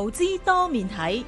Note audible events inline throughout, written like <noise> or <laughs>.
投資多面睇。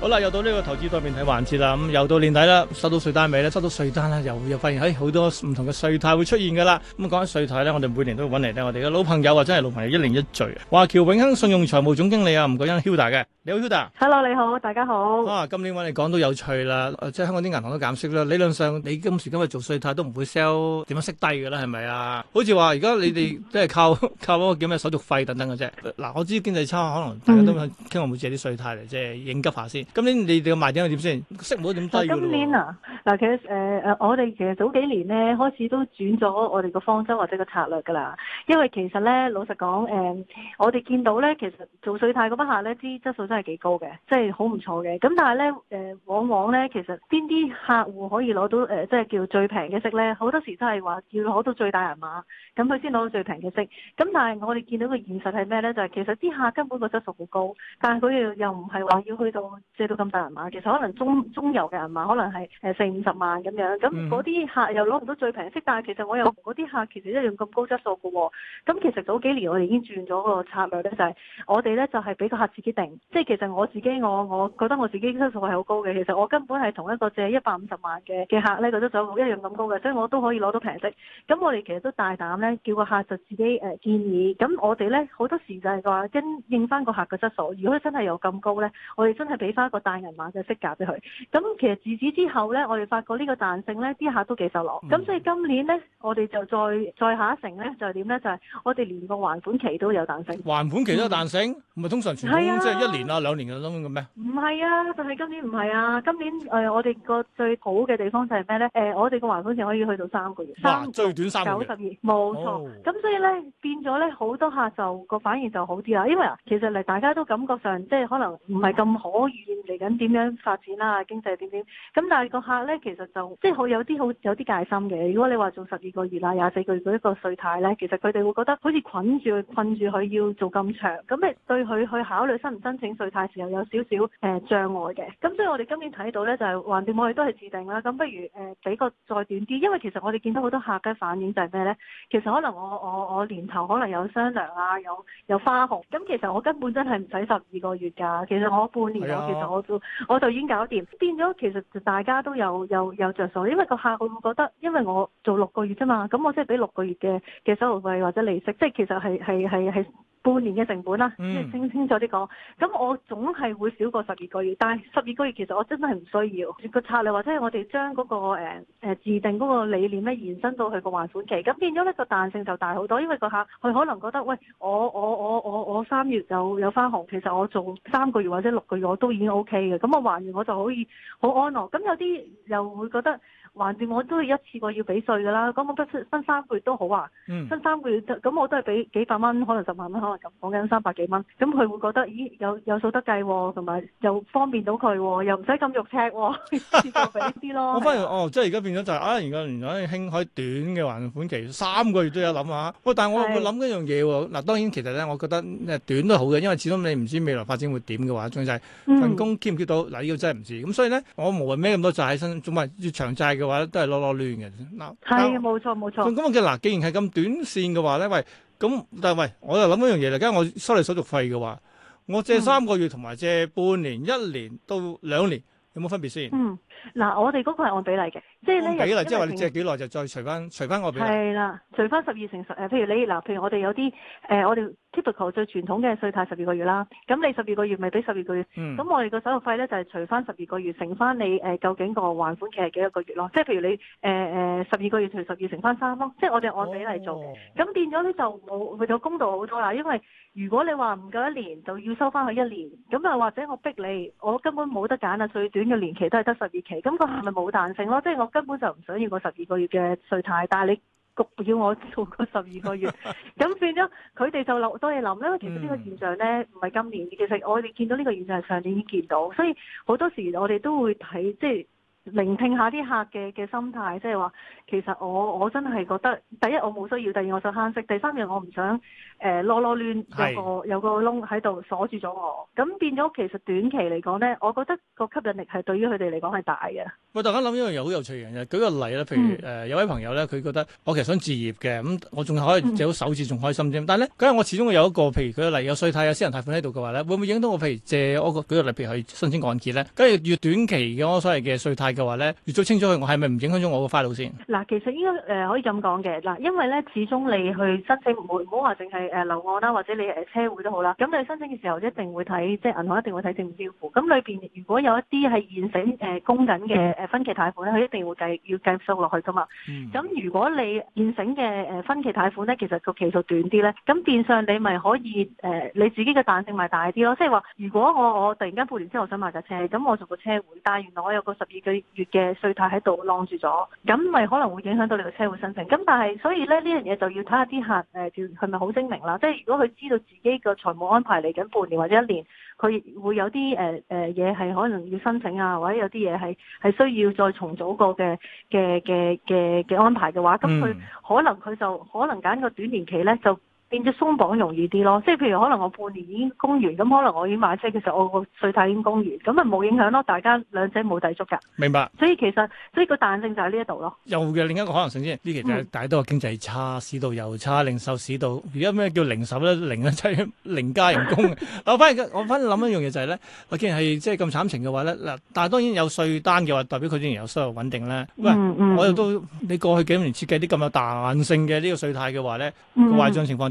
好啦，又到呢個投資多面睇嘅環節啦。咁、嗯、又到年底啦，收到稅單未咧？收到稅單啦，又又發現，哎，好多唔同嘅稅貸會出現噶啦。咁講起稅貸咧，我哋每年都會揾嚟，我哋嘅老朋友或者係老朋友一零一聚啊！華僑永亨信用財務總經理啊，吳幗欣 Hilda 嘅，你好 Hilda。Hello，你好，大家好。啊，今年揾你講都有趣啦，呃。即係香港啲銀行都減息啦。理論上，你今時今日做稅貸都唔會 sell，點樣息低噶啦，係咪啊？好似話而家你哋即係靠 <laughs> 靠嗰個叫咩手續費等等嘅啫。嗱，呃，我知經濟差，可能大家都希望會借啲稅貸嚟，即係應急下先。今年你哋個賣點係點先？息冇得點低。今年啊，嗱其實誒誒、呃，我哋其實早幾年咧開始都轉咗我哋個方針或者個策略噶啦。因為其實咧，老實講，誒、呃、我哋見到咧，其實做稅貸嗰筆客咧啲質素真係幾高嘅，即係好唔錯嘅。咁但係咧，誒、呃、往往咧，其實邊啲客戶可以攞到誒、呃，即係叫最平嘅息咧，好多時都係話要攞到最大人碼，咁佢先攞到最平嘅息。咁但係我哋見到個現實係咩咧？就係、是、其實啲客根本個質素好高，但係佢又又唔係話要去到。借到咁大人買，其實可能中中游嘅人買，可能係誒四五十萬咁樣，咁嗰啲客又攞唔到最平息，但係其實我又嗰啲客其實一樣咁高質素嘅喎、啊。咁其實早幾年我哋已經轉咗個策略咧，就係我哋咧就係俾個客自己定，即係其實我自己我我覺得我自己質素係好高嘅，其實我根本係同一個借一百五十萬嘅嘅客咧，佢都走一樣咁高嘅，所以我都可以攞到平息。咁我哋其實都大膽咧，叫個客就自己誒、呃、建議。咁我哋咧好多時就係話跟應翻個客嘅質素，如果真係有咁高咧，我哋真係俾翻，一個大銀碼嘅息價俾佢，咁其實自此之後咧，我哋發覺個彈呢個彈性咧，啲客都幾受落。咁、嗯、所以今年咧，我哋就再再下一城咧，就係點咧？就係、是、我哋連個還款期都有彈性。嗯、還款期都有彈性，唔係通常傳統、啊、即係一年啊、兩年嘅咁樣嘅咩？唔係啊，但係、啊就是、今年唔係啊。今年誒、呃，我哋個最好嘅地方就係咩咧？誒、呃，我哋個還款期可以去到三個月。嗱嘩，三年最短三九十二，冇錯。咁、哦、所以咧，變咗咧，好多客就個反應就好啲啊。因為其實嚟大家都感覺上，即係可能唔係咁可以。嗯嚟緊點樣發展啦？經濟點點咁，但係個客咧，其實就即係好有啲好有啲戒心嘅。如果你話做十二個月啦、廿四個月嗰一個稅貸咧，其實佢哋會覺得好似捆住、困住佢要做咁長，咁你對佢去考慮申唔申請稅貸時候有少少誒障礙嘅。咁所以我哋今年睇到咧就係橫掂我哋都係設定啦，咁不如誒俾個再短啲，因為其實我哋見到好多客嘅反應就係咩咧？其實可能我我我年頭可能有雙糧啊，有有花紅，咁其實我根本真係唔使十二個月㗎，其實我半年其實我。我就，我就已經搞掂，變咗其實就大家都有有有着數，因為個客會唔會覺得，因為我做六個月啫嘛，咁我即係俾六個月嘅嘅手續費或者利息，即係其實係係係係。半年嘅成本啦，即係清清楚啲講。咁我總係會少過十二個月，但係十二個月其實我真係唔需要個策略，或者係我哋將嗰個誒誒自定嗰個理念咧延伸到佢個還款期。咁變咗咧，個彈性就大好多，因為個客佢可能覺得，喂，我我我我我三月有有返行，其實我做三個月或者六個月我都已經 OK 嘅。咁我還完我就可以好安樂。咁有啲又會覺得。橫掂我都係一次過要俾稅㗎啦，咁我分分三個月都好啊，分、嗯、三個月咁我都係俾幾百蚊，可能十萬蚊，可能咁講緊三百幾蚊，咁佢會覺得咦，有有數得計同埋又方便到佢，又唔使咁肉赤， <laughs> 一次過俾啲咯。 <laughs> 我反而現吧哦，即係而家變咗就係、是、啊，而家原來興可以短嘅還款期，三個月都有諗下。喂、哦，但係我會諗是一樣嘢喎，嗱當然其實咧，我覺得短都好嘅，因為始終你唔知未來發展會點嘅話，仲係份工 keep 唔 keep 到嗱，呢個真係唔知。咁所以咧，我無謂孭咁多債喺身，總係越長債嘅？話都係撈撈亂嘅，嗱，係冇錯冇錯，咁咁我嘅嗱，既然係咁短線嘅話咧，喂咁但係喂，我又諗一樣嘢嚟，假如我收你手續費嘅話，我借三個月同埋、嗯、借半年、一年到兩年有冇分別先？嗯嗱，我哋嗰個係按比例嘅，即係咧，即係話你借幾耐就再除翻，除翻個比例。係啦，除翻十二乘十誒、呃，譬如你嗱，譬如我哋有啲誒、呃，我哋 typical 最傳統嘅稅貸十二個月啦，咁你十二個月咪俾十二個月，咁、嗯、我哋個手續費咧就係、是、除翻十二個月乘翻你誒、呃，究竟個還款期係幾多個月、呃、個月咯？即係譬如你誒誒十二個月除十二乘翻三咯，即係我哋按比例做，咁、哦、變咗咧就冇，佢就公道好多啦。因為如果你話唔夠一年就要收翻佢一年，咁啊或者我逼你，我根本冇得揀啊，最短嘅年期都係得十二。咁佢係咪冇彈性咯？即係我根本就唔想要個十二個月嘅稅貸，但係你焗要我做個十二個月，咁變咗佢哋就落多嘢諗，因為其實呢個現象咧唔係今年，其實我哋見到呢個現象係上年已經見到，所以好多時我哋都會睇即係。聆聽下啲客嘅嘅心態，即係話其實我我真係覺得第一我冇需要，第二我想慳息，第三樣我唔想誒攞攞亂有個有個窿喺度鎖住咗我，咁變咗其實短期嚟講咧，我覺得個吸引力係對於佢哋嚟講係大嘅。喂，大家諗一樣嘢，好有趣嘅嘢，舉個例啦，譬如誒、嗯呃、有位朋友咧，佢覺得我其實想置業嘅，咁我仲可以借到首次仲開心添，但係咧，咁我始終有一個譬如佢例如有稅貸有私人貸款喺度嘅話咧，會唔會影響到我譬如借嗰個舉個例譬如去申請按揭咧？跟住越短期嘅我所謂嘅稅貸嘅話咧，越早清咗佢，我係咪唔影響咗我個 file 先？嗱，其實應該誒可以咁講嘅，嗱，因為咧始終你去申請唔好唔好話淨係誒樓按啦，或者你誒車會都好啦。咁你申請嘅時候一定會睇，即係銀行一定會睇政府支付。咁裏邊如果有一啲係現成誒供緊嘅誒分期貸款咧，佢一定會計要計數落去噶嘛。咁、嗯、如果你現成嘅誒分期貸款咧，其實個期數短啲咧，咁變相你咪可以誒你自己嘅彈性咪大啲咯。即係話，如果我我突然間半年之後想買架車，咁我做個車會，但係原來我有個十二句月嘅稅貸喺度晾住咗，咁咪可能會影響到你個車會申請。咁但係，所以咧呢樣嘢就要睇下啲客誒，佢係咪好精明啦？即係如果佢知道自己個財務安排嚟緊半年或者一年，佢會有啲誒誒嘢係可能要申請啊，或者有啲嘢係係需要再重組過嘅嘅嘅嘅嘅安排嘅話，咁佢可能佢就可能揀個短年期咧就。變咗鬆綁容易啲咯，即係譬如可能我半年已經供完，咁可能我已經買車嘅時候，其實我個稅貸已經供完，咁啊冇影響咯，大家兩者冇抵觸㗎。明白。所以其實，所以個彈性就喺呢一度咯。又嘅另一個可能性先，呢期大大多係經濟差，市道又差，零售市道而家咩叫零售咧？零啊，即係零加人工 <laughs> 我。我反而我反而諗一樣嘢就係、是、咧，我既然係即係咁慘情嘅話咧，嗱，但係當然有稅單嘅話，代表佢仍然有收入穩定咧。喂、嗯，嗯嗯、我又都你過去幾年設計啲咁有彈性嘅呢個稅貸嘅話咧，個壞帳情況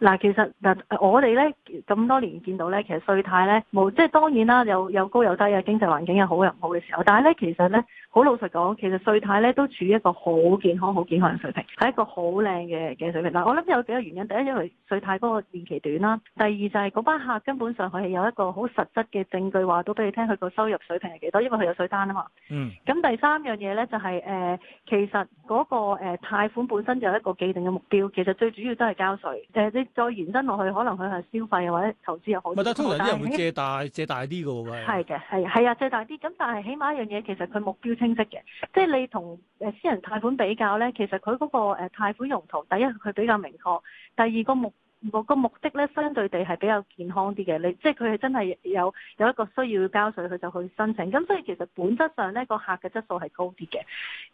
嗱，其實嗱，我哋咧咁多年見到咧，其實稅貸咧冇，即係當然啦，有有高有低啊，經濟環境有好有唔好嘅時候。但係咧，其實咧，好老實講，其實稅貸咧都處於一個好健康、好健康嘅水平，係一個好靚嘅嘅水平。嗱、啊，我諗有幾個原因，第一因為稅貸嗰個年期短啦，第二就係嗰班客根本上佢係有一個好實質嘅證據話到俾你聽，佢個收入水平係幾多，因為佢有稅單啊嘛。嗯。咁第三樣嘢咧就係、是、誒、呃，其實嗰、那個誒、呃、貸款本身就有一個既定嘅目標，其實最主要都係交稅。誒、呃，你。再延伸落去，可能佢係消費或者投資又好。唔係，但係通常啲人會借大 <laughs> 借大啲嘅喎。係嘅，係係啊，借大啲。咁但係起碼一樣嘢，其實佢目標清晰嘅。即係你同誒私人貸款比較咧，其實佢嗰個誒貸款用途，第一佢比較明確，第二個目。我個目的咧，相對地係比較健康啲嘅。你即係佢係真係有有一個需要交稅，佢就去申請。咁所以其實本質上咧，個客嘅質素係高啲嘅。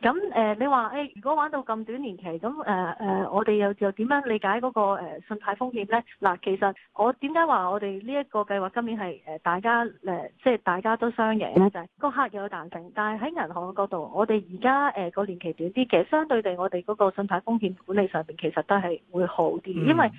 咁誒、呃，你話誒、欸，如果玩到咁短年期，咁誒誒，我哋又又點樣理解嗰、那個、呃、信貸風險咧？嗱、呃，其實我點解話我哋呢一個計劃今年係誒大家誒、呃，即係大家都雙贏咧，就係、是、個客有彈性，但係喺銀行嘅角度，我哋而家誒個年期短啲，嘅，相對地，我哋嗰個信貸風險管理上邊其實都係會好啲，因為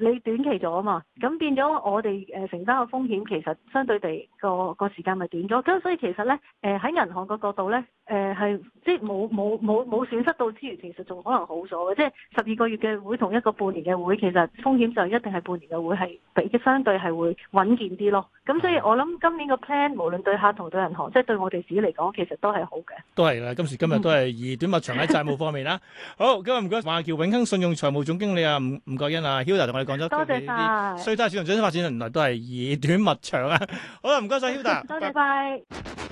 你短期咗啊嘛，咁變咗我哋誒、呃、承擔嘅風險其實相對地個個時間咪短咗，咁所以其實咧誒喺銀行嘅角度咧，誒係即係冇冇冇冇損失到之餘，其實仲可能好咗嘅，即係十二個月嘅會同一個半年嘅會，其實風險就一定係半年嘅會係比相對係會穩健啲咯。咁所以我諗今年個 plan 無論對客同對銀行，即係對我哋自己嚟講，其實都係好嘅。都係啦，今時今日都係二短物長喺債務方面啦。 <laughs> 好，今日唔該華僑永亨信用財務總經理啊，吳吳幗欣啊 Hilda 同多謝曬。所以睇市場最新發展，原來都係以短物長啊！ <laughs> 好啦，唔該晒，Hilda。多謝拜拜。